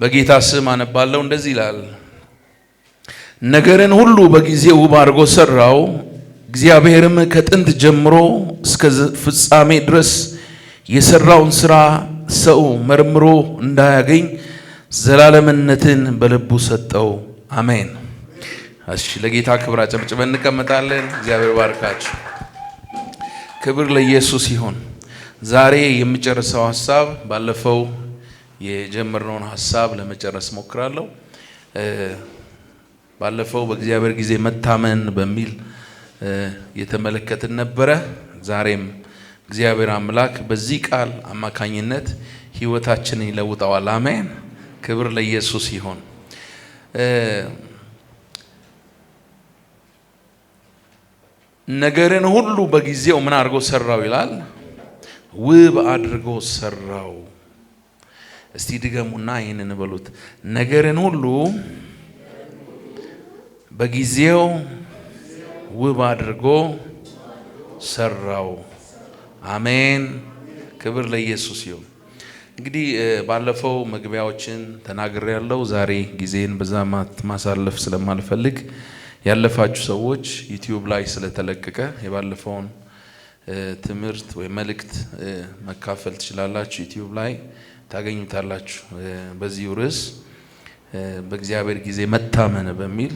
በጌታ ስም አነባለሁ። እንደዚህ ይላል፣ ነገርን ሁሉ በጊዜው ውብ አድርጎ ሰራው። እግዚአብሔርም ከጥንት ጀምሮ እስከ ፍጻሜ ድረስ የሰራውን ስራ ሰው መርምሮ እንዳያገኝ ዘላለምነትን በልቡ ሰጠው። አሜን። እሺ፣ ለጌታ ክብር አጨብጭበን እንቀመጣለን። እግዚአብሔር ባርካችሁ። ክብር ለኢየሱስ ይሁን። ዛሬ የምጨርሰው ሀሳብ ባለፈው የጀመርነውን ሀሳብ ለመጨረስ ሞክራለሁ። ባለፈው በእግዚአብሔር ጊዜ መታመን በሚል የተመለከትን ነበረ። ዛሬም እግዚአብሔር አምላክ በዚህ ቃል አማካኝነት ህይወታችንን ይለውጠዋል። አሜን። ክብር ለኢየሱስ ይሆን። ነገርን ሁሉ በጊዜው ምን አድርጎ ሰራው ይላል? ውብ አድርጎ ሰራው። እስቲ ድገሙና ይህንን በሉት። ነገርን ሁሉ በጊዜው ውብ አድርጎ ሰራው። አሜን። ክብር ለኢየሱስ ይሁን። እንግዲህ ባለፈው መግቢያዎችን ተናግሬ ያለው ዛሬ ጊዜን በዛ ማሳለፍ ስለማልፈልግ ያለፋችሁ ሰዎች ዩቲዩብ ላይ ስለተለቀቀ የባለፈውን ትምህርት ወይ መልእክት መካፈል ትችላላችሁ ዩቲዩብ ላይ ታገኙታላችሁ። በዚሁ ርዕስ በእግዚአብሔር ጊዜ መታመን በሚል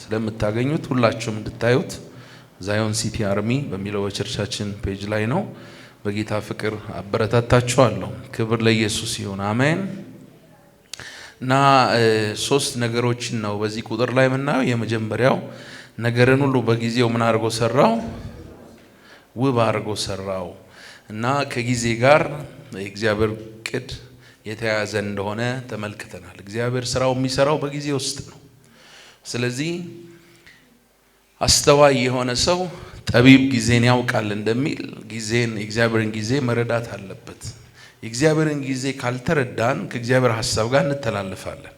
ስለምታገኙት ሁላችሁም እንድታዩት ዛዮን ሲቲ አርሚ በሚለው በቸርቻችን ፔጅ ላይ ነው። በጌታ ፍቅር አበረታታችኋለሁ። ክብር ለኢየሱስ ይሁን፣ አሜን። እና ሶስት ነገሮችን ነው በዚህ ቁጥር ላይ የምናየው። የመጀመሪያው ነገርን ሁሉ በጊዜው ምን አድርጎ ሰራው? ውብ አድርጎ ሰራው። እና ከጊዜ ጋር የእግዚአብሔር እቅድ የተያዘ እንደሆነ ተመልክተናል። እግዚአብሔር ስራው የሚሰራው በጊዜ ውስጥ ነው። ስለዚህ አስተዋይ የሆነ ሰው ጠቢብ ጊዜን ያውቃል እንደሚል ጊዜን የእግዚአብሔርን ጊዜ መረዳት አለበት። የእግዚአብሔርን ጊዜ ካልተረዳን ከእግዚአብሔር ሀሳብ ጋር እንተላለፋለን።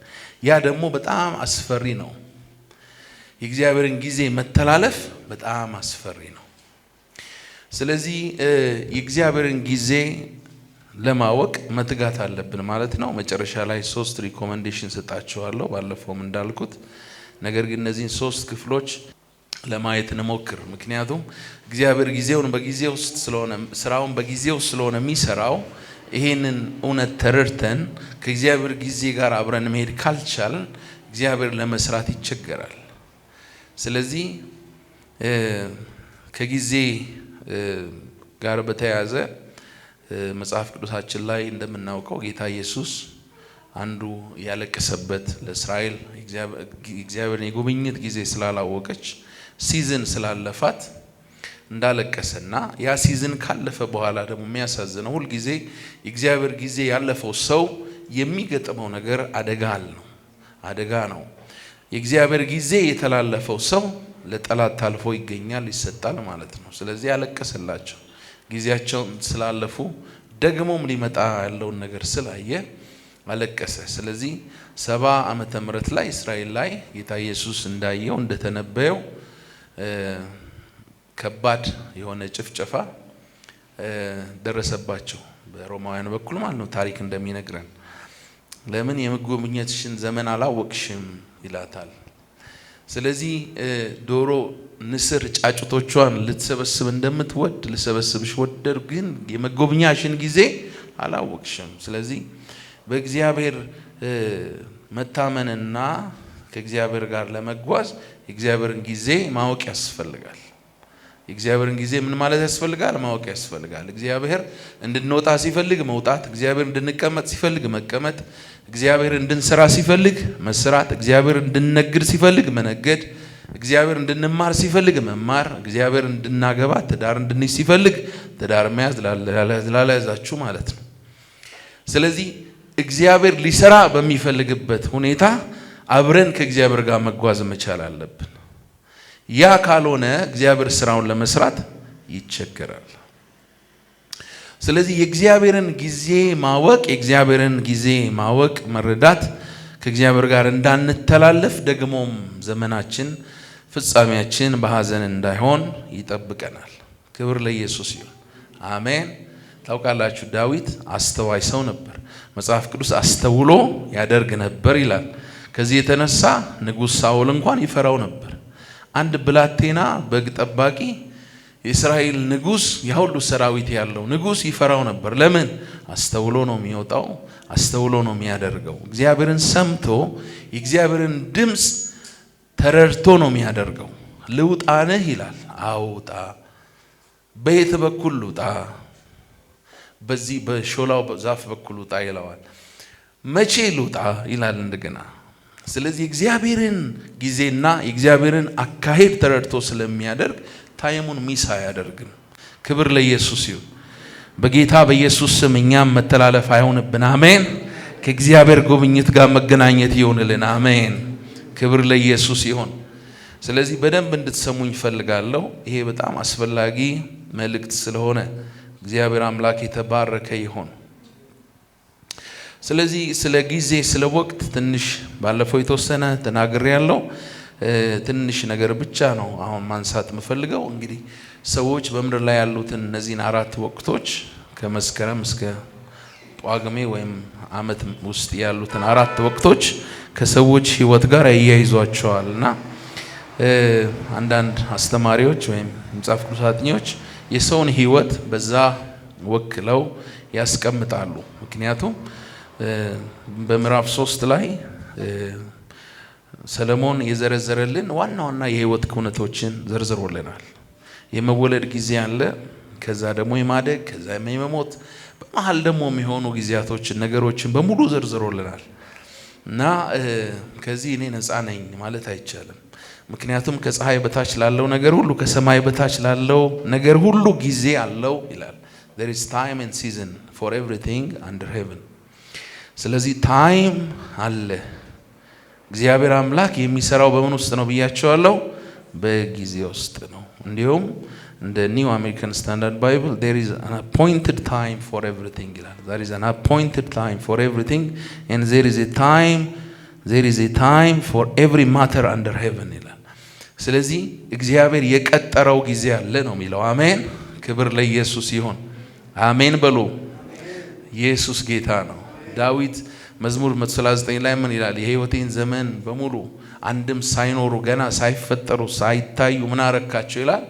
ያ ደግሞ በጣም አስፈሪ ነው። የእግዚአብሔርን ጊዜ መተላለፍ በጣም አስፈሪ ነው። ስለዚህ የእግዚአብሔርን ጊዜ ለማወቅ መትጋት አለብን ማለት ነው። መጨረሻ ላይ ሶስት ሪኮመንዴሽን ሰጣችኋለሁ ባለፈውም እንዳልኩት። ነገር ግን እነዚህን ሶስት ክፍሎች ለማየት እንሞክር። ምክንያቱም እግዚአብሔር ጊዜውን በጊዜው ስለሆነ ስራውን በጊዜው ስለሆነ የሚሰራው ይሄንን እውነት ተረድተን ከእግዚአብሔር ጊዜ ጋር አብረን መሄድ ካልቻል እግዚአብሔር ለመስራት ይቸገራል። ስለዚህ ከጊዜ ጋር በተያያዘ መጽሐፍ ቅዱሳችን ላይ እንደምናውቀው ጌታ ኢየሱስ አንዱ ያለቀሰበት ለእስራኤል እግዚአብሔርን የጉብኝት ጊዜ ስላላወቀች ሲዝን ስላለፋት እንዳለቀሰና ያ ሲዝን ካለፈ በኋላ ደግሞ የሚያሳዝነው ሁልጊዜ የእግዚአብሔር ጊዜ ያለፈው ሰው የሚገጥመው ነገር አደጋ ነው፣ አደጋ ነው። የእግዚአብሔር ጊዜ የተላለፈው ሰው ለጠላት ታልፎ ይገኛል፣ ይሰጣል ማለት ነው። ስለዚህ ያለቀሰላቸው ጊዜያቸው ስላለፉ ደግሞም ሊመጣ ያለውን ነገር ስላየ አለቀሰ። ስለዚህ ሰባ ዓመተ ምህረት ላይ እስራኤል ላይ ጌታ ኢየሱስ እንዳየው እንደተነበየው ከባድ የሆነ ጭፍጨፋ ደረሰባቸው በሮማውያን በኩል ማለት ነው። ታሪክ እንደሚነግረን ለምን የመጎብኘትሽን ዘመን አላወቅሽም ይላታል። ስለዚህ ዶሮ ንስር ጫጩቶቿን ልትሰበስብ እንደምትወድ ልሰበስብሽ ወደር፣ ግን የመጎብኛሽን ጊዜ አላወቅሽም። ስለዚህ በእግዚአብሔር መታመንና ከእግዚአብሔር ጋር ለመጓዝ የእግዚአብሔርን ጊዜ ማወቅ ያስፈልጋል። የእግዚአብሔርን ጊዜ ምን ማለት ያስፈልጋል? ማወቅ ያስፈልጋል። እግዚአብሔር እንድንወጣ ሲፈልግ መውጣት፣ እግዚአብሔር እንድንቀመጥ ሲፈልግ መቀመጥ እግዚአብሔር እንድንሰራ ሲፈልግ መስራት፣ እግዚአብሔር እንድንነግድ ሲፈልግ መነገድ፣ እግዚአብሔር እንድንማር ሲፈልግ መማር፣ እግዚአብሔር እንድናገባ ትዳር እንድንይዝ ሲፈልግ ትዳር መያዝ ላለያዛችሁ ማለት ነው። ስለዚህ እግዚአብሔር ሊሰራ በሚፈልግበት ሁኔታ አብረን ከእግዚአብሔር ጋር መጓዝ መቻል አለብን። ያ ካልሆነ እግዚአብሔር ስራውን ለመስራት ይቸገራል። ስለዚህ የእግዚአብሔርን ጊዜ ማወቅ የእግዚአብሔርን ጊዜ ማወቅ መረዳት ከእግዚአብሔር ጋር እንዳንተላለፍ ደግሞም ዘመናችን ፍጻሜያችን በሐዘን እንዳይሆን ይጠብቀናል። ክብር ለኢየሱስ ይሁን። አሜን። ታውቃላችሁ ዳዊት አስተዋይ ሰው ነበር። መጽሐፍ ቅዱስ አስተውሎ ያደርግ ነበር ይላል። ከዚህ የተነሳ ንጉሥ ሳውል እንኳን ይፈራው ነበር። አንድ ብላቴና በግ ጠባቂ የእስራኤል ንጉስ ሁሉ ሰራዊት ያለው ንጉስ ይፈራው ነበር። ለምን? አስተውሎ ነው የሚወጣው፣ አስተውሎ ነው የሚያደርገው። እግዚአብሔርን ሰምቶ የእግዚአብሔርን ድምፅ ተረድቶ ነው የሚያደርገው። ልውጣንህ ይላል። አውጣ በየት በኩል ልውጣ? በዚህ በሾላው ዛፍ በኩል ውጣ ይለዋል። መቼ ልውጣ ይላል እንደገና። ስለዚህ የእግዚአብሔርን ጊዜና የእግዚአብሔርን አካሄድ ተረድቶ ስለሚያደርግ ታይሙን ሚስ አያደርግም። ክብር ለኢየሱስ ይሁን። በጌታ በኢየሱስ ስም እኛም መተላለፍ አይሆንብን። አሜን። ከእግዚአብሔር ጉብኝት ጋር መገናኘት ይሆንልን። አሜን። ክብር ለኢየሱስ ይሁን። ስለዚህ በደንብ እንድትሰሙኝ ፈልጋለሁ ይሄ በጣም አስፈላጊ መልእክት ስለሆነ እግዚአብሔር አምላክ የተባረከ ይሁን። ስለዚህ ስለ ጊዜ ስለ ወቅት ትንሽ ባለፈው የተወሰነ ተናግሬ ያለው ትንሽ ነገር ብቻ ነው አሁን ማንሳት የምፈልገው። እንግዲህ ሰዎች በምድር ላይ ያሉትን እነዚህን አራት ወቅቶች ከመስከረም እስከ ጳጉሜ ወይም ዓመት ውስጥ ያሉትን አራት ወቅቶች ከሰዎች ሕይወት ጋር ያያይዟቸዋል እና አንዳንድ አስተማሪዎች ወይም መጽሐፍ ቅዱስ አጥኚዎች የሰውን ሕይወት በዛ ወክለው ያስቀምጣሉ። ምክንያቱም በምዕራፍ ሶስት ላይ ሰለሞን የዘረዘረልን ዋና ዋና የህይወት ክውነቶችን ዘርዝሮልናል። የመወለድ ጊዜ አለ፣ ከዛ ደግሞ የማደግ ከዛ የመሞት በመሀል ደግሞ የሚሆኑ ጊዜያቶችን ነገሮችን በሙሉ ዘርዝሮልናል እና ከዚህ እኔ ነፃ ነኝ ማለት አይቻልም። ምክንያቱም ከፀሐይ በታች ላለው ነገር ሁሉ ከሰማይ በታች ላለው ነገር ሁሉ ጊዜ አለው ይላል። there is time and season for ስለዚህ ታይም አለ እግዚአብሔር አምላክ የሚሰራው በምን ውስጥ ነው ብያቸዋለሁ? በጊዜ ውስጥ ነው። እንዲሁም እንደ ኒው አሜሪካን ስታንዳርድ ባይብል ዴር ኢዝ አን አፖይንትድ ታይም ፎር ኤቭሪቲንግ ይላል። ዜር ኢዝ አን አፖይንትድ ታይም ፎር ኤቭሪቲንግ ኤንድ ዜር ኢዝ ኤ ታይም ዜር ኢዝ ኤ ታይም ፎር ኤቭሪ ማተር አንደር ሄቨን ይላል። ስለዚህ እግዚአብሔር የቀጠረው ጊዜ አለ ነው የሚለው። አሜን። ክብር ለኢየሱስ ይሁን። አሜን በሉ። ኢየሱስ ጌታ ነው። ዳዊት መዝሙር 139 ላይ ምን ይላል? የህይወቴን ዘመን በሙሉ አንድም ሳይኖሩ ገና ሳይፈጠሩ ሳይታዩ ምን አረካቸው ይላል?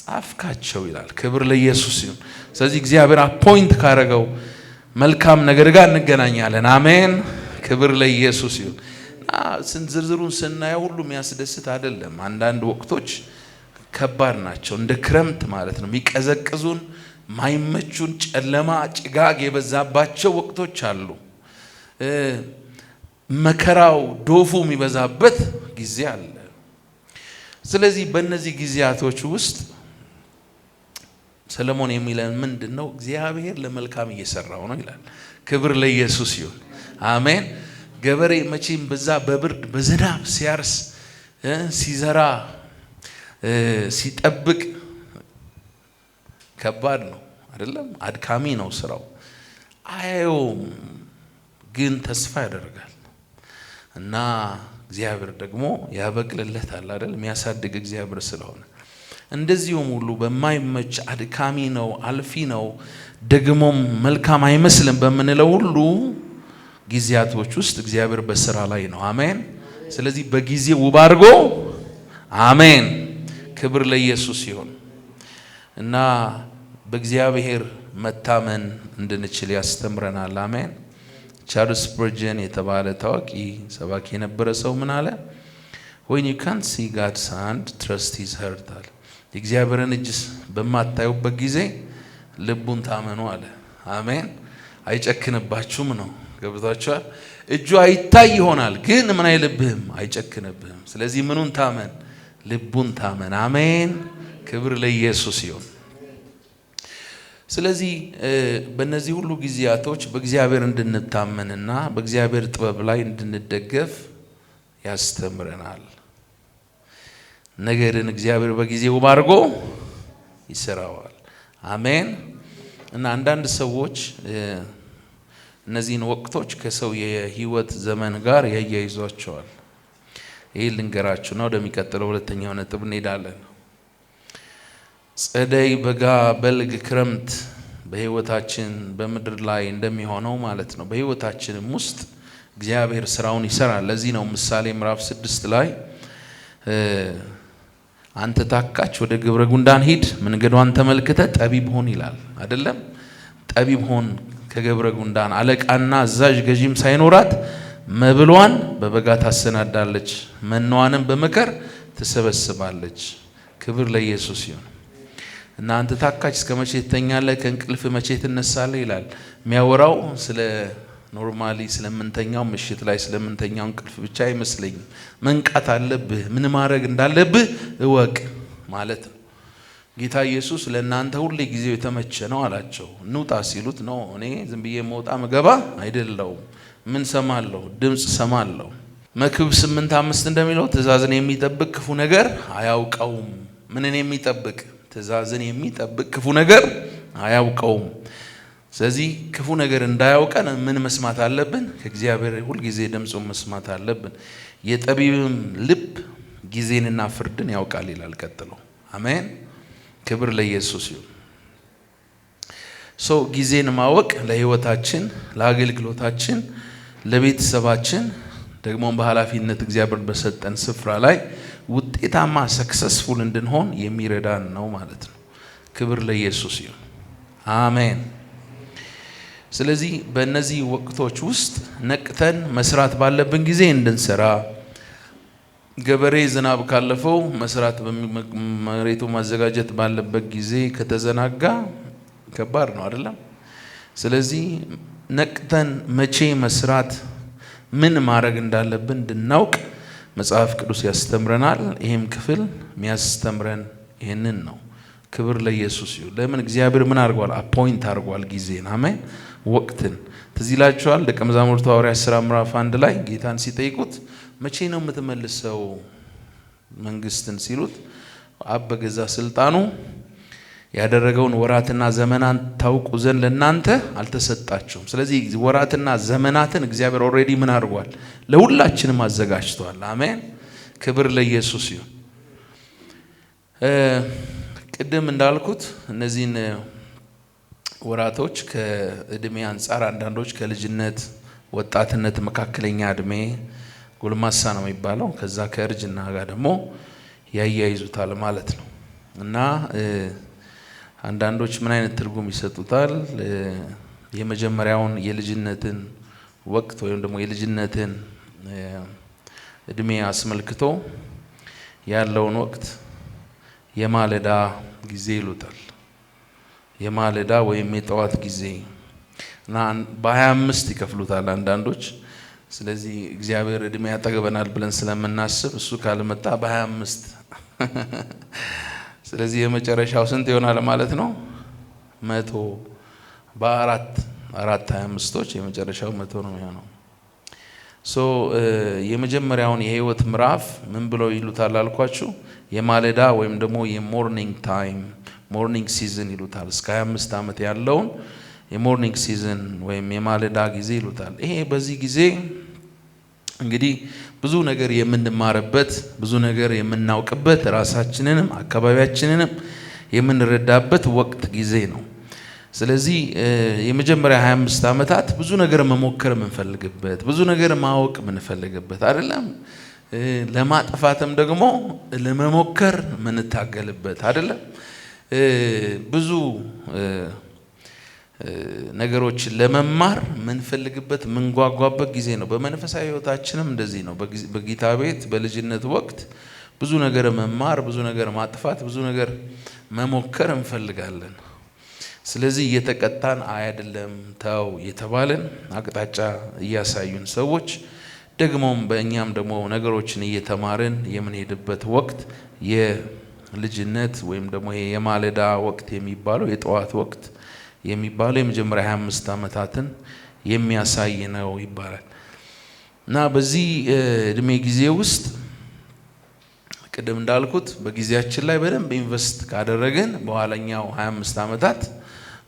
ጻፍካቸው ይላል። ክብር ለኢየሱስ ይሁን። ስለዚህ እግዚአብሔር አፖይንት ካረገው መልካም ነገር ጋር እንገናኛለን። አሜን። ክብር ለኢየሱስ ይሁን። ዝርዝሩን ስናየው ሁሉ የሚያስደስት አይደለም። አንዳንድ ወቅቶች ከባድ ናቸው። እንደ ክረምት ማለት ነው። የሚቀዘቅዙን ማይመቹን፣ ጨለማ ጭጋግ የበዛባቸው ወቅቶች አሉ። መከራው ዶፉ የሚበዛበት ጊዜ አለ። ስለዚህ በእነዚህ ጊዜያቶች ውስጥ ሰለሞን የሚለን ምንድን ነው? እግዚአብሔር ለመልካም እየሰራው ነው ይላል። ክብር ለኢየሱስ ይሁን፣ አሜን። ገበሬ መቼም በዛ በብርድ በዝናብ ሲያርስ ሲዘራ ሲጠብቅ ከባድ ነው አይደለም? አድካሚ ነው ስራው አየውም ግን ተስፋ ያደርጋል እና እግዚአብሔር ደግሞ ያበቅልለታል አይደል? የሚያሳድግ እግዚአብሔር ስለሆነ እንደዚሁም ሁሉ በማይመች አድካሚ ነው፣ አልፊ ነው፣ ደግሞም መልካም አይመስልም በምንለው ሁሉ ጊዜያቶች ውስጥ እግዚአብሔር በስራ ላይ ነው። አሜን። ስለዚህ በጊዜ ውብ አድርጎ አሜን። ክብር ለኢየሱስ ይሁን እና በእግዚአብሔር መታመን እንድንችል ያስተምረናል። አሜን። ቻርልስ ስፐርጀን የተባለ ታዋቂ ሰባኪ የነበረ ሰው ምን አለ? ወይን ዩ ካንት ሲ ጋድስ ሃንድ ትረስት ሂዝ ሀርት አለ። የእግዚአብሔርን እጅ በማታዩበት ጊዜ ልቡን ታመኑ አለ። አሜን። አይጨክንባችሁም ነው። ገብቷችኋል? እጁ አይታይ ይሆናል ግን ምን አይልብህም፣ አይጨክንብህም። ስለዚህ ምኑን ታመን? ልቡን ታመን። አሜን። ክብር ለኢየሱስ ይሁን። ስለዚህ በእነዚህ ሁሉ ጊዜያቶች በእግዚአብሔር እንድንታመንና በእግዚአብሔር ጥበብ ላይ እንድንደገፍ ያስተምረናል። ነገርን እግዚአብሔር በጊዜው አድርጎ ይሰራዋል። አሜን። እና አንዳንድ ሰዎች እነዚህን ወቅቶች ከሰው የህይወት ዘመን ጋር ያያይዟቸዋል። ይህ ልንገራችሁ ነው። ወደሚቀጥለው ሁለተኛው ነጥብ እንሄዳለን። ጸደይ፣ በጋ፣ በልግ፣ ክረምት በህይወታችን በምድር ላይ እንደሚሆነው ማለት ነው። በህይወታችንም ውስጥ እግዚአብሔር ስራውን ይሰራል። ለዚህ ነው ምሳሌ ምዕራፍ ስድስት ላይ አንተ ታካች ወደ ግብረ ጉንዳን ሂድ፣ መንገዷን ተመልክተ ጠቢብ ሆን ይላል። አይደለም ጠቢብ ሆን ከግብረ ጉንዳን አለቃና አዛዥ ገዢም ሳይኖራት መብሏን በበጋ ታሰናዳለች፣ መናዋንም በመከር ትሰበስባለች። ክብር ለኢየሱስ ይሁን። እናንተ ታካች እስከ መቼ ትተኛለህ? ከእንቅልፍ መቼ ትነሳለህ? ይላል። የሚያወራው ስለ ኖርማሊ ስለምንተኛው ምሽት ላይ ስለምንተኛው እንቅልፍ ብቻ አይመስለኝም። መንቃት አለብህ። ምን ማድረግ እንዳለብህ እወቅ ማለት ነው። ጌታ ኢየሱስ ለእናንተ ሁሌ ጊዜው የተመቸ ነው አላቸው። እንውጣ ሲሉት ነው እኔ ዝም ብዬ መውጣ መገባ አይደለውም። ምን ሰማለሁ? ድምፅ ሰማለሁ። መክብብ ስምንት አምስት እንደሚለው ትእዛዝን የሚጠብቅ ክፉ ነገር አያውቀውም። ምንን የሚጠብቅ ትእዛዝን የሚጠብቅ ክፉ ነገር አያውቀውም። ስለዚህ ክፉ ነገር እንዳያውቀን ምን መስማት አለብን? ከእግዚአብሔር ሁልጊዜ ድምፁ መስማት አለብን። የጠቢብም ልብ ጊዜንና ፍርድን ያውቃል ይላል። ቀጥሎ አሜን። ክብር ለኢየሱስ ይሁን። ሰው ጊዜን ማወቅ ለህይወታችን፣ ለአገልግሎታችን፣ ለቤተሰባችን ደግሞ በኃላፊነት እግዚአብሔር በሰጠን ስፍራ ላይ ውጤታማ ሰክሰስፉል እንድንሆን የሚረዳን ነው ማለት ነው። ክብር ለኢየሱስ ይሁን። አሜን። ስለዚህ በእነዚህ ወቅቶች ውስጥ ነቅተን መስራት ባለብን ጊዜ እንድንሰራ ገበሬ ዝናብ ካለፈው መስራት መሬቱ ማዘጋጀት ባለበት ጊዜ ከተዘናጋ ከባድ ነው አይደለም። ስለዚህ ነቅተን መቼ መስራት ምን ማድረግ እንዳለብን እንድናውቅ መጽሐፍ ቅዱስ ያስተምረናል። ይህም ክፍል የሚያስተምረን ይህንን ነው። ክብር ለኢየሱስ ይሁን። ለምን እግዚአብሔር ምን አድርጓል? አፖይንት አድርጓል ጊዜን። አሜን። ወቅትን ትዝ ይላችኋል። ደቀ መዛሙርቱ ሐዋርያት ሥራ ምዕራፍ አንድ ላይ ጌታን ሲጠይቁት መቼ ነው የምትመልሰው መንግስትን ሲሉት አብ በገዛ ስልጣኑ ያደረገውን ወራትና ዘመናን ታውቁ ዘንድ ለእናንተ አልተሰጣችሁም። ስለዚህ ወራትና ዘመናትን እግዚአብሔር ኦልሬዲ ምን አድርጓል? ለሁላችንም አዘጋጅቷል። አሜን። ክብር ለኢየሱስ ይሁን። ቅድም እንዳልኩት እነዚህን ወራቶች ከእድሜ አንጻር አንዳንዶች ከልጅነት ወጣትነት፣ መካከለኛ እድሜ ጎልማሳ ነው የሚባለው፣ ከዛ ከእርጅና ጋር ደግሞ ያያይዙታል ማለት ነው እና አንዳንዶች ምን አይነት ትርጉም ይሰጡታል? የመጀመሪያውን የልጅነትን ወቅት ወይም ደግሞ የልጅነትን እድሜ አስመልክቶ ያለውን ወቅት የማለዳ ጊዜ ይሉታል። የማለዳ ወይም የጠዋት ጊዜ እና በሀያ አምስት ይከፍሉታል አንዳንዶች። ስለዚህ እግዚአብሔር እድሜ ያጠግበናል ብለን ስለምናስብ እሱ ካልመጣ በሀያ አምስት ስለዚህ የመጨረሻው ስንት ይሆናል ማለት ነው? መቶ በአራት አራት ሀያ አምስቶች የመጨረሻው መቶ ነው የሚሆነው። ሶ የመጀመሪያውን የህይወት ምዕራፍ ምን ብለው ይሉታል አልኳችሁ? የማለዳ ወይም ደግሞ የሞርኒንግ ታይም ሞርኒንግ ሲዝን ይሉታል። እስከ 25 ዓመት ያለውን የሞርኒንግ ሲዝን ወይም የማለዳ ጊዜ ይሉታል። ይሄ በዚህ ጊዜ እንግዲህ ብዙ ነገር የምንማርበት ብዙ ነገር የምናውቅበት ራሳችንንም አካባቢያችንንም የምንረዳበት ወቅት ጊዜ ነው። ስለዚህ የመጀመሪያ 25 ዓመታት ብዙ ነገር መሞከር የምንፈልግበት ብዙ ነገር ማወቅ የምንፈልግበት አይደለም። ለማጥፋትም ደግሞ ለመሞከር የምንታገልበት አይደለም ብዙ ነገሮች ለመማር ምንፈልግበት ምንጓጓበት ጊዜ ነው። በመንፈሳዊ ህይወታችንም እንደዚህ ነው። በጌታ ቤት በልጅነት ወቅት ብዙ ነገር መማር፣ ብዙ ነገር ማጥፋት፣ ብዙ ነገር መሞከር እንፈልጋለን። ስለዚህ እየተቀጣን አይደለም፣ ተው የተባለን አቅጣጫ እያሳዩን ሰዎች ደግሞም በእኛም ደግሞ ነገሮችን እየተማርን የምንሄድበት ወቅት የልጅነት ወይም ደግሞ የማለዳ ወቅት የሚባለው የጠዋት ወቅት የሚባለው የመጀመሪያ 25 ዓመታትን የሚያሳይ ነው ይባላል እና በዚህ እድሜ ጊዜ ውስጥ ቅድም እንዳልኩት በጊዜያችን ላይ በደንብ ኢንቨስት ካደረግን በኋላኛው 25 ዓመታት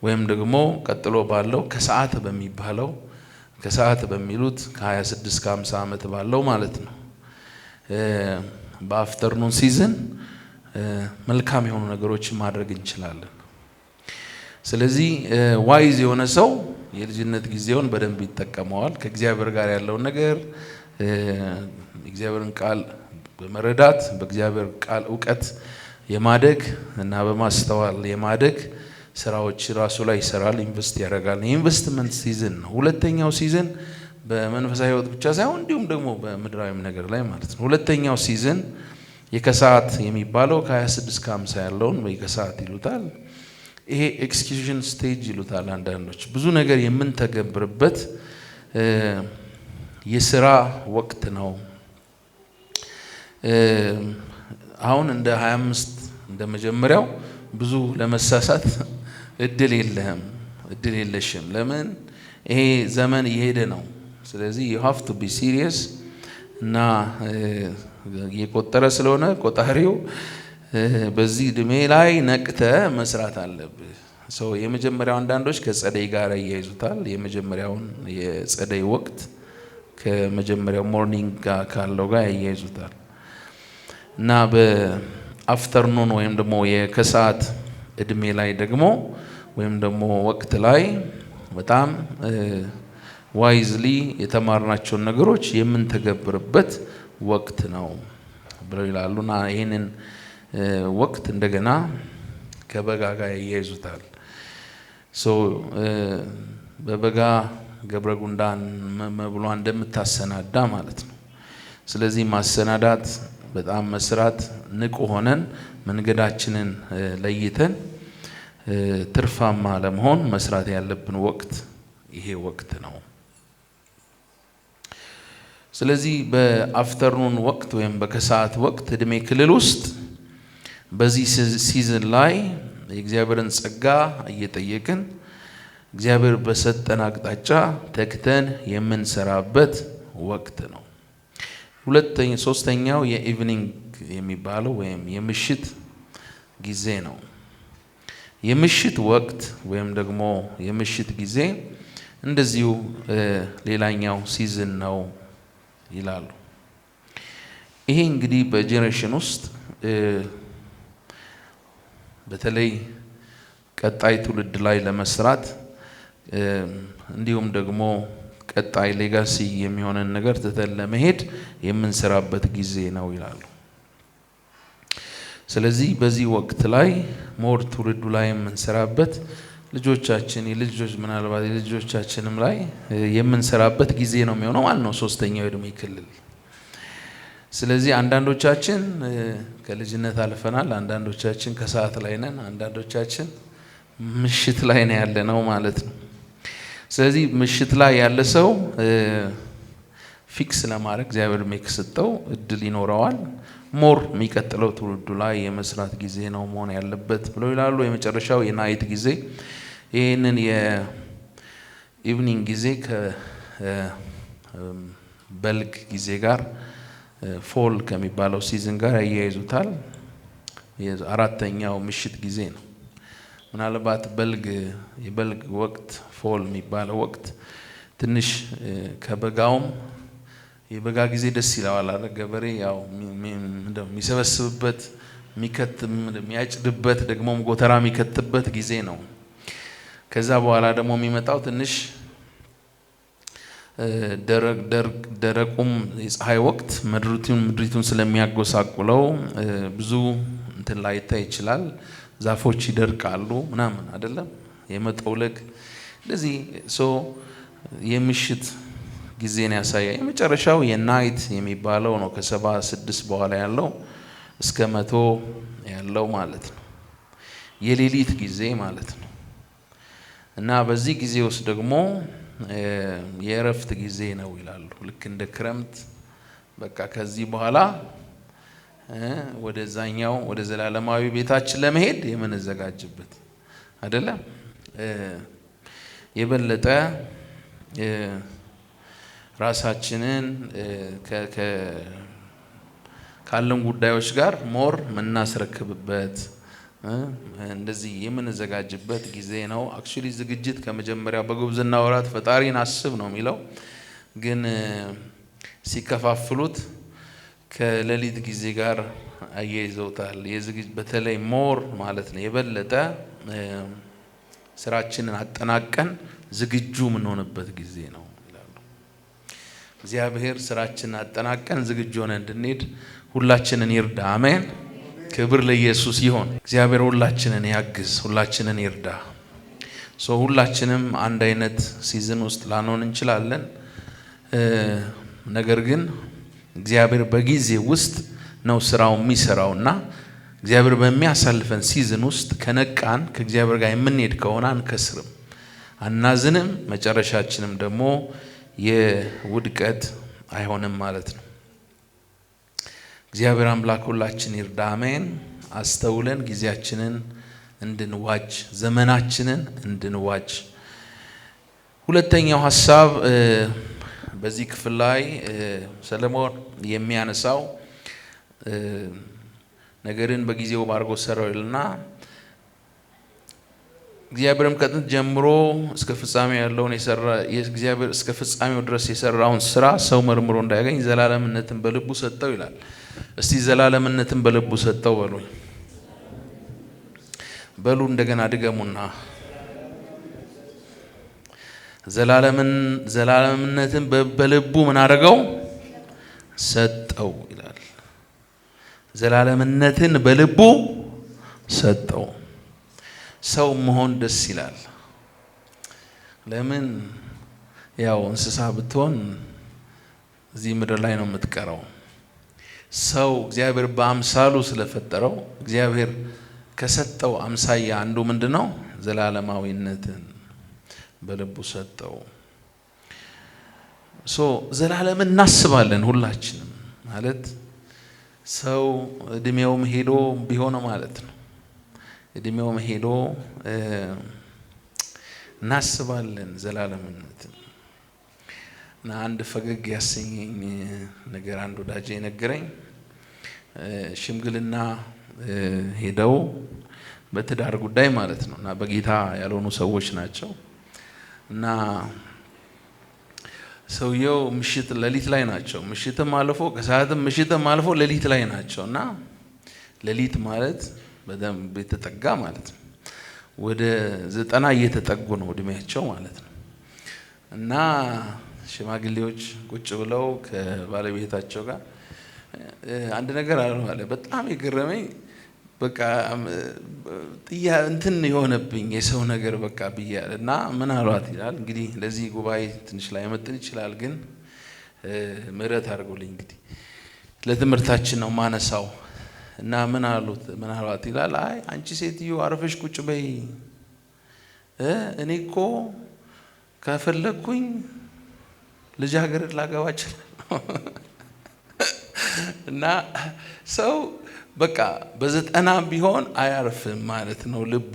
ወይም ደግሞ ቀጥሎ ባለው ከሰዓት በሚባለው ከሰዓት በሚሉት ከ26 ከ 50 ዓመት ባለው ማለት ነው በአፍተርኑን ሲዝን መልካም የሆኑ ነገሮችን ማድረግ እንችላለን። ስለዚህ ዋይዝ የሆነ ሰው የልጅነት ጊዜውን በደንብ ይጠቀመዋል። ከእግዚአብሔር ጋር ያለውን ነገር እግዚአብሔርን ቃል በመረዳት በእግዚአብሔር ቃል እውቀት የማደግ እና በማስተዋል የማደግ ስራዎች ራሱ ላይ ይሰራል፣ ኢንቨስት ያደርጋል። የኢንቨስትመንት ሲዝን ነው። ሁለተኛው ሲዝን በመንፈሳዊ ህይወት ብቻ ሳይሆን እንዲሁም ደግሞ በምድራዊም ነገር ላይ ማለት ነው። ሁለተኛው ሲዝን የከሰዓት የሚባለው ከ26 እስከ 50 ያለውን ከሰዓት ይሉታል። ይሄ ኤክስኪዥን ስቴጅ ይሉታል አንዳንዶች። ብዙ ነገር የምንተገብርበት የስራ ወቅት ነው። አሁን እንደ 25 እንደ መጀመሪያው ብዙ ለመሳሳት እድል የለህም፣ እድል የለሽም። ለምን ይሄ ዘመን እየሄደ ነው። ስለዚህ ዩ ሃቭ ቱ ቢ ሲሪየስ እና የቆጠረ ስለሆነ ቆጣሪው በዚህ እድሜ ላይ ነቅተ መስራት አለብህ። ሰው የመጀመሪያው አንዳንዶች ከጸደይ ጋር እያይዙታል። የመጀመሪያውን የጸደይ ወቅት ከመጀመሪያው ሞርኒንግ ጋር ካለው ጋር ያያይዙታል እና በአፍተርኑን ወይም ደግሞ የከሰዓት እድሜ ላይ ደግሞ ወይም ደግሞ ወቅት ላይ በጣም ዋይዝሊ የተማርናቸውን ነገሮች የምንተገብርበት ወቅት ነው ብለው ይላሉና ይህንን ወቅት እንደገና ከበጋ ጋር ያያይዙታል። በበጋ ገብረ ጉንዳን መብሏ እንደምታሰናዳ ማለት ነው። ስለዚህ ማሰናዳት በጣም መስራት፣ ንቁ ሆነን መንገዳችንን ለይተን ትርፋማ ለመሆን መስራት ያለብን ወቅት ይሄ ወቅት ነው። ስለዚህ በአፍተርኑን ወቅት ወይም በከሰዓት ወቅት እድሜ ክልል ውስጥ በዚህ ሲዝን ላይ የእግዚአብሔርን ጸጋ እየጠየቅን እግዚአብሔር በሰጠን አቅጣጫ ተክተን የምንሰራበት ወቅት ነው። ሁለተኛ ሶስተኛው የኢቭኒንግ የሚባለው ወይም የምሽት ጊዜ ነው። የምሽት ወቅት ወይም ደግሞ የምሽት ጊዜ እንደዚሁ ሌላኛው ሲዝን ነው ይላሉ። ይሄ እንግዲህ በጄኔሬሽን ውስጥ በተለይ ቀጣይ ትውልድ ላይ ለመስራት እንዲሁም ደግሞ ቀጣይ ሌጋሲ የሚሆነን ነገር ትተን ለመሄድ የምንሰራበት ጊዜ ነው ይላሉ። ስለዚህ በዚህ ወቅት ላይ ሞር ትውልዱ ላይ የምንሰራበት ልጆቻችን የልጆች ምናልባት የልጆቻችንም ላይ የምንሰራበት ጊዜ ነው የሚሆነው ማለት ነው። ሶስተኛው የእድሜ ክልል ስለዚህ አንዳንዶቻችን ከልጅነት አልፈናል። አንዳንዶቻችን ከሰዓት ላይ ነን። አንዳንዶቻችን ምሽት ላይ ነው ያለ ነው ማለት ነው። ስለዚህ ምሽት ላይ ያለ ሰው ፊክስ ለማድረግ እግዚአብሔር ሜክ ስጠው እድል ይኖረዋል። ሞር የሚቀጥለው ትውልዱ ላይ የመስራት ጊዜ ነው መሆን ያለበት ብለው ይላሉ። የመጨረሻው የናይት ጊዜ ይህንን የኢቭኒንግ ጊዜ ከበልግ ጊዜ ጋር ፎል ከሚባለው ሲዝን ጋር ያያይዙታል። አራተኛው ምሽት ጊዜ ነው። ምናልባት በልግ የበልግ ወቅት ፎል የሚባለው ወቅት ትንሽ ከበጋውም የበጋ ጊዜ ደስ ይለዋል አለ ገበሬ ያው የሚሰበስብበት የሚያጭድበት ደግሞም ጎተራ የሚከትበት ጊዜ ነው። ከዛ በኋላ ደግሞ የሚመጣው ትንሽ ደረቁም የፀሐይ ወቅት ምድሪቱን ምድሪቱን ስለሚያጎሳቁለው ብዙ እንትን ላይታይ ይችላል። ዛፎች ይደርቃሉ ምናምን አይደለም የመጠውለግ እንደዚህ ሰው የምሽት ጊዜን ያሳያል። የመጨረሻው የናይት የሚባለው ነው ከሰባ ስድስት በኋላ ያለው እስከ መቶ ያለው ማለት ነው የሌሊት ጊዜ ማለት ነው እና በዚህ ጊዜ ውስጥ ደግሞ የእረፍት ጊዜ ነው ይላሉ። ልክ እንደ ክረምት በቃ ከዚህ በኋላ ወደዛኛው ወደ ዘላለማዊ ቤታችን ለመሄድ የምንዘጋጅበት አይደለም። የበለጠ ራሳችንን ካለን ጉዳዮች ጋር ሞር የምናስረክብበት እንደዚህ የምንዘጋጅበት ጊዜ ነው። አክቹሊ ዝግጅት ከመጀመሪያ በጉብዝና ወራት ፈጣሪን አስብ ነው የሚለው፣ ግን ሲከፋፍሉት ከሌሊት ጊዜ ጋር አያይዘውታል። በተለይ ሞር ማለት ነው የበለጠ ስራችንን አጠናቀን ዝግጁ የምንሆንበት ጊዜ ነው ይላሉ። እግዚአብሔር ስራችንን አጠናቀን ዝግጁ ሆነ እንድንሄድ ሁላችንን ይርዳ። አሜን። ክብር ለኢየሱስ ይሆን። እግዚአብሔር ሁላችንን ያግዝ፣ ሁላችንን ይርዳ። ሰው ሁላችንም አንድ አይነት ሲዝን ውስጥ ላንሆን እንችላለን። ነገር ግን እግዚአብሔር በጊዜ ውስጥ ነው ስራው የሚሰራው እና እግዚአብሔር በሚያሳልፈን ሲዝን ውስጥ ከነቃን ከእግዚአብሔር ጋር የምንሄድ ከሆነ አንከስርም፣ አናዝንም፣ መጨረሻችንም ደግሞ የውድቀት አይሆንም ማለት ነው። እግዚአብሔር አምላክ ሁላችን አሜን። አስተውለን ጊዜያችንን እንድንዋጅ ዘመናችንን እንድንዋጅ። ሁለተኛው ሀሳብ በዚህ ክፍል ላይ ሰለሞን የሚያነሳው ነገርን በጊዜው ባርጎ ሰራው ይልና እግዚአብሔርም ከጥንት ጀምሮ እስከ ፍጻሜ ያለውን የሰራ እግዚአብሔር እስከ ፍጻሜው ድረስ የሰራውን ስራ ሰው መርምሮ እንዳያገኝ ዘላለምነትን በልቡ ሰጠው ይላል። እስቲ ዘላለምነትን በልቡ ሰጠው በሉኝ። በሉ እንደገና ድገሙና ዘላለምን ዘላለምነትን በልቡ ምን አደረገው ሰጠው ይላል። ዘላለምነትን በልቡ ሰጠው። ሰው መሆን ደስ ይላል። ለምን ያው እንስሳ ብትሆን እዚህ ምድር ላይ ነው የምትቀረው። ሰው እግዚአብሔር በአምሳሉ ስለፈጠረው እግዚአብሔር ከሰጠው አምሳያ አንዱ ምንድ ነው? ዘላለማዊነትን በልቡ ሰጠው። ሶ ዘላለም እናስባለን ሁላችንም ማለት ሰው እድሜውም ሄዶ ቢሆነ ማለት ነው። እድሜውም ሄዶ እናስባለን ዘላለምነትን እና አንድ ፈገግ ያሰኘኝ ነገር አንድ ወዳጅ የነገረኝ ሽምግልና ሄደው በትዳር ጉዳይ ማለት ነው እና በጌታ ያልሆኑ ሰዎች ናቸው እና ሰውየው ምሽት ሌሊት ላይ ናቸው። ምሽትም አልፎ ከሰዓትም ምሽትም አልፎ ሌሊት ላይ ናቸው እና ሌሊት ማለት በደንብ የተጠጋ ማለት ነው። ወደ ዘጠና እየተጠጉ ነው እድሜያቸው ማለት ነው እና ሽማግሌዎች ቁጭ ብለው ከባለቤታቸው ጋር አንድ ነገር አለ በጣም የገረመኝ በቃ ጥያ እንትን የሆነብኝ የሰው ነገር በቃ ብያል እና ምን አሏት ይላል እንግዲህ ለዚህ ጉባኤ ትንሽ ላይ መጥን ይችላል ግን ምረት አድርጎልኝ እንግዲህ ለትምህርታችን ነው ማነሳው እና ምን አሉት ምን አሏት ይላል አይ አንቺ ሴትዮ አረፈሽ ቁጭ በይ እኔ እኮ ከፈለግኩኝ ልጃገረድ ላገባ እችላለሁ እና ሰው በቃ በዘጠና ቢሆን አያርፍም ማለት ነው ልቡ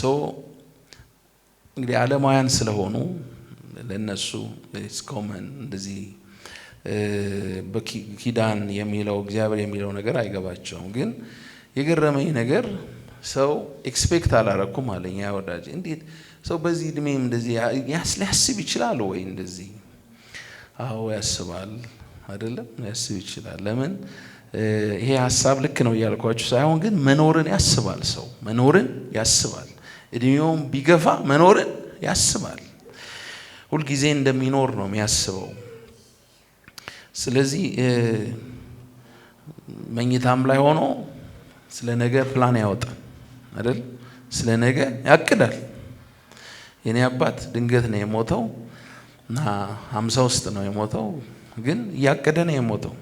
ሰው እንግዲህ አለማውያን ስለሆኑ ለነሱ ስኮመን እንደዚህ በኪዳን የሚለው እግዚአብሔር የሚለው ነገር አይገባቸውም። ግን የገረመኝ ነገር ሰው ኤክስፔክት አላረኩም አለኝ ያ ወዳጅ። እንዴት ሰው በዚህ እድሜም እንደዚህ ሊያስብ ይችላል ወይ? እንደዚህ አዎ ያስባል። አይደለም ያስብ ይችላል። ለምን ይሄ ሀሳብ ልክ ነው እያልኳችሁ ሳይሆን፣ ግን መኖርን ያስባል። ሰው መኖርን ያስባል። እድሜውም ቢገፋ መኖርን ያስባል። ሁልጊዜ እንደሚኖር ነው የሚያስበው። ስለዚህ መኝታም ላይ ሆኖ ስለ ነገ ፕላን ያወጣ አይደል? ስለ ነገ ያቅዳል። የኔ አባት ድንገት ነው የሞተው እና ሀምሳ ውስጥ ነው የሞተው ግን እያቀደ ነው የሞተው።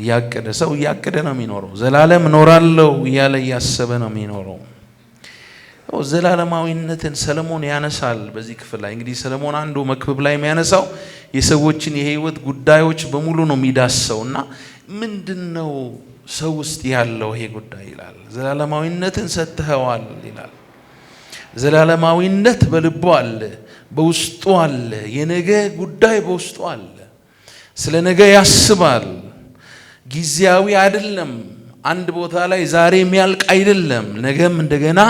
እያቀደ ሰው እያቀደ ነው የሚኖረው። ዘላለም ኖራለው እያለ እያሰበ ነው የሚኖረው። ዘላለማዊነትን ሰለሞን ያነሳል በዚህ ክፍል ላይ እንግዲህ ሰለሞን አንዱ መክብብ ላይ የሚያነሳው የሰዎችን የህይወት ጉዳዮች በሙሉ ነው የሚዳሰው እና ምንድን ነው ሰው ውስጥ ያለው ይሄ ጉዳይ ይላል። ዘላለማዊነትን ሰጥተኸዋል ይላል። ዘላለማዊነት በልቡ አለ፣ በውስጡ አለ። የነገ ጉዳይ በውስጡ አለ። ስለ ነገ ያስባል። ጊዜያዊ አይደለም። አንድ ቦታ ላይ ዛሬ የሚያልቅ አይደለም። ነገም እንደገና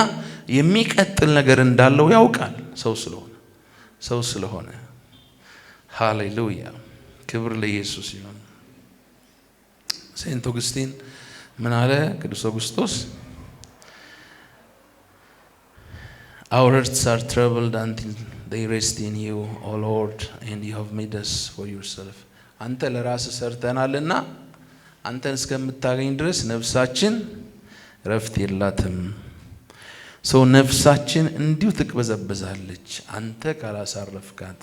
የሚቀጥል ነገር እንዳለው ያውቃል። ሰው ስለሆነ ሰው ስለሆነ ሃሌሉያ፣ ክብር ለኢየሱስ ይሁን። ሴንት ኦግስቲን ምን አለ? ቅዱስ ኦግስቶስ Our hearts are troubled until they rest in you, O Lord, and you have made us for yourself. አንተ ለራስ ሰርተናልና አንተን እስከምታገኝ ድረስ ነፍሳችን ረፍት የላትም። ሰው ነፍሳችን እንዲሁ ትቅበዘበዛለች፣ አንተ ካላሳረፍካት።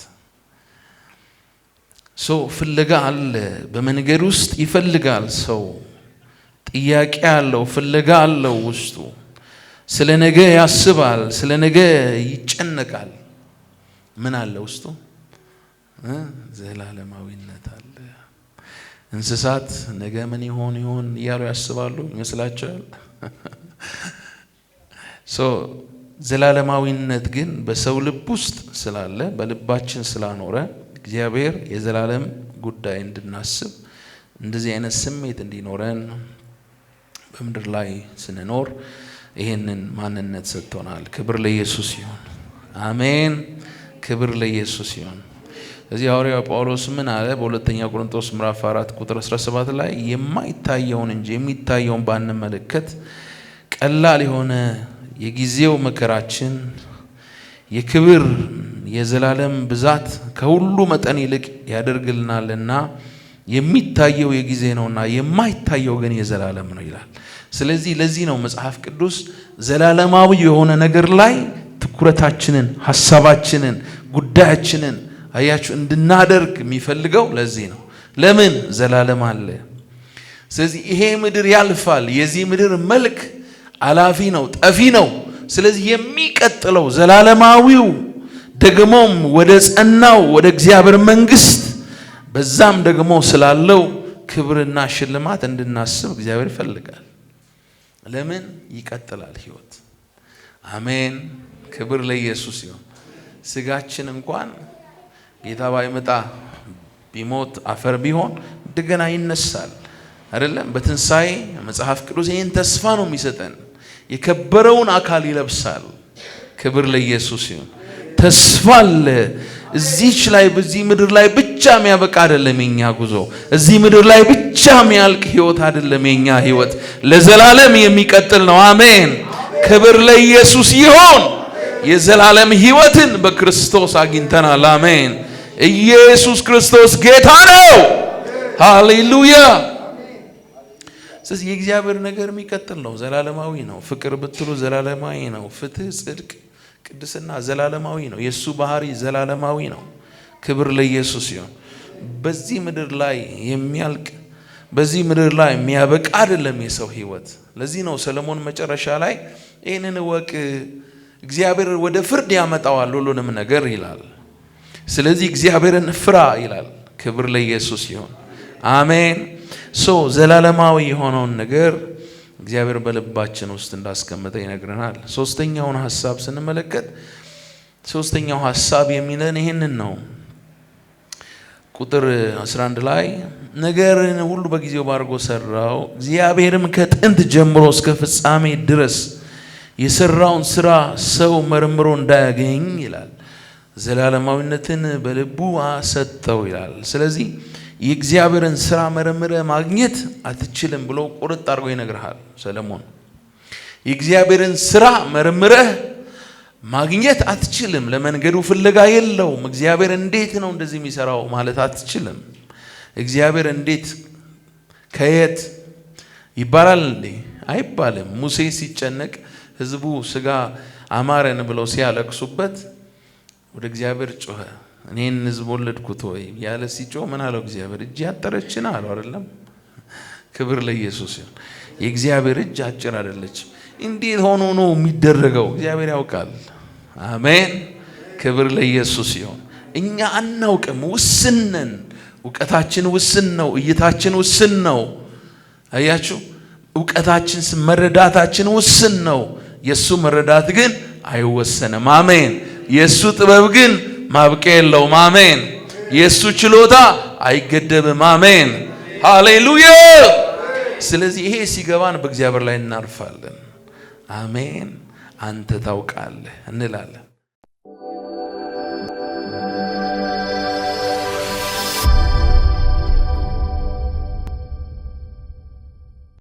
ሰው ፍለጋ አለ፣ በመንገድ ውስጥ ይፈልጋል። ሰው ጥያቄ አለው፣ ፍለጋ አለው ውስጡ። ስለ ነገ ያስባል፣ ስለ ነገ ይጨነቃል። ምን አለ ውስጡ? ዘላለማዊነት አለ። እንስሳት ነገ ምን ይሆን ይሆን እያሉ ያስባሉ ይመስላቸዋል። ዘላለማዊነት ግን በሰው ልብ ውስጥ ስላለ በልባችን ስላኖረ እግዚአብሔር የዘላለም ጉዳይ እንድናስብ እንደዚህ አይነት ስሜት እንዲኖረን በምድር ላይ ስንኖር ይህንን ማንነት ሰጥቶናል። ክብር ለኢየሱስ ይሁን። አሜን። ክብር ለኢየሱስ ይሁን። እዚህ ሐዋርያው ጳውሎስ ምን አለ? በሁለተኛ ቆሮንቶስ ምዕራፍ 4 ቁጥር 17 ላይ የማይታየውን እንጂ የሚታየውን ባንመለከት ቀላል የሆነ የጊዜው መከራችን የክብር የዘላለም ብዛት ከሁሉ መጠን ይልቅ ያደርግልናልና የሚታየው የጊዜ ነውና የማይታየው ግን የዘላለም ነው ይላል። ስለዚህ ለዚህ ነው መጽሐፍ ቅዱስ ዘላለማዊ የሆነ ነገር ላይ ትኩረታችንን፣ ሀሳባችንን፣ ጉዳያችንን አያችሁ እንድናደርግ የሚፈልገው ለዚህ ነው። ለምን ዘላለም አለ። ስለዚህ ይሄ ምድር ያልፋል። የዚህ ምድር መልክ አላፊ ነው፣ ጠፊ ነው። ስለዚህ የሚቀጥለው ዘላለማዊው ደግሞም ወደ ጸናው ወደ እግዚአብሔር መንግስት በዛም ደግሞ ስላለው ክብርና ሽልማት እንድናስብ እግዚአብሔር ይፈልጋል። ለምን ይቀጥላል ህይወት አሜን። ክብር ለኢየሱስ ይሁን። ስጋችን እንኳን ጌታ ባይመጣ ቢሞት አፈር ቢሆን እንደገና ይነሳል አይደለም። በትንሣኤ መጽሐፍ ቅዱስ ይህን ተስፋ ነው የሚሰጠን። የከበረውን አካል ይለብሳል። ክብር ለኢየሱስ ይሁን። ተስፋ አለ። እዚች ላይ በዚህ ምድር ላይ ብቻ የሚያበቃ አይደለም የኛ ጉዞ። እዚህ ምድር ላይ ብቻ የሚያልቅ ህይወት አይደለም የኛ ህይወት፣ ለዘላለም የሚቀጥል ነው። አሜን። ክብር ለኢየሱስ ይሁን። የዘላለም ህይወትን በክርስቶስ አግኝተናል። አሜን። ኢየሱስ ክርስቶስ ጌታ ነው። ሃሌሉያ። ስለዚህ የእግዚአብሔር ነገር የሚቀጥል ነው፣ ዘላለማዊ ነው። ፍቅር ብትሉ ዘላለማዊ ነው። ፍትህ፣ ጽድቅ፣ ቅድስና ዘላለማዊ ነው። የእሱ ባህሪ ዘላለማዊ ነው። ክብር ለኢየሱስ ይሁን። በዚህ ምድር ላይ የሚያልቅ በዚህ ምድር ላይ የሚያበቃ አይደለም የሰው ህይወት። ለዚህ ነው ሰለሞን መጨረሻ ላይ ይህንን ወቅ እግዚአብሔር ወደ ፍርድ ያመጣዋል ሁሉንም ነገር ይላል። ስለዚህ እግዚአብሔርን ፍራ ይላል። ክብር ለኢየሱስ ይሁን። አሜን። ሶ ዘላለማዊ የሆነውን ነገር እግዚአብሔር በልባችን ውስጥ እንዳስቀመጠ ይነግረናል። ሶስተኛውን ሀሳብ ስንመለከት ሶስተኛው ሀሳብ የሚለን ይህንን ነው። ቁጥር 11 ላይ ነገርን ሁሉ በጊዜው ባድርጎ ሰራው፣ እግዚአብሔርም ከጥንት ጀምሮ እስከ ፍጻሜ ድረስ የሰራውን ስራ ሰው መርምሮ እንዳያገኝ ይላል። ዘላለማዊነትን በልቡ ሰጠው ይላል። ስለዚህ የእግዚአብሔርን ስራ መርምረ ማግኘት አትችልም ብሎ ቁርጥ አድርጎ ይነግርሃል ሰለሞን። የእግዚአብሔርን ስራ መርምረህ ማግኘት አትችልም። ለመንገዱ ፍለጋ የለውም። እግዚአብሔር እንዴት ነው እንደዚህ የሚሰራው ማለት አትችልም። እግዚአብሔር እንዴት ከየት ይባላል እንዴ? አይባልም። ሙሴ ሲጨነቅ ህዝቡ ስጋ አማረን ብለው ሲያለቅሱበት ወደ እግዚአብሔር ጮኸ። እኔን ህዝብ ወለድኩት ወይ ያለ ሲጮህ ምን አለው እግዚአብሔር? እጅ ያጠረችን አለው አይደለም። ክብር ለኢየሱስ ይሁን። የእግዚአብሔር እጅ አጭር አይደለችም። እንዴት ሆኖ ነው የሚደረገው? እግዚአብሔር ያውቃል። አሜን። ክብር ለኢየሱስ ይሁን። እኛ አናውቅም፣ ውስን ነን። እውቀታችን ውስን ነው። እይታችን ውስን ነው። አያችሁ፣ እውቀታችን መረዳታችን ውስን ነው። የእሱ መረዳት ግን አይወሰንም። አሜን። የእሱ ጥበብ ግን ማብቂያ የለውም። አሜን። የእሱ ችሎታ አይገደብም። አሜን። ሃሌሉያ። ስለዚህ ይሄ ሲገባን በእግዚአብሔር ላይ እናርፋለን። አሜን። አንተ ታውቃለህ እንላለን።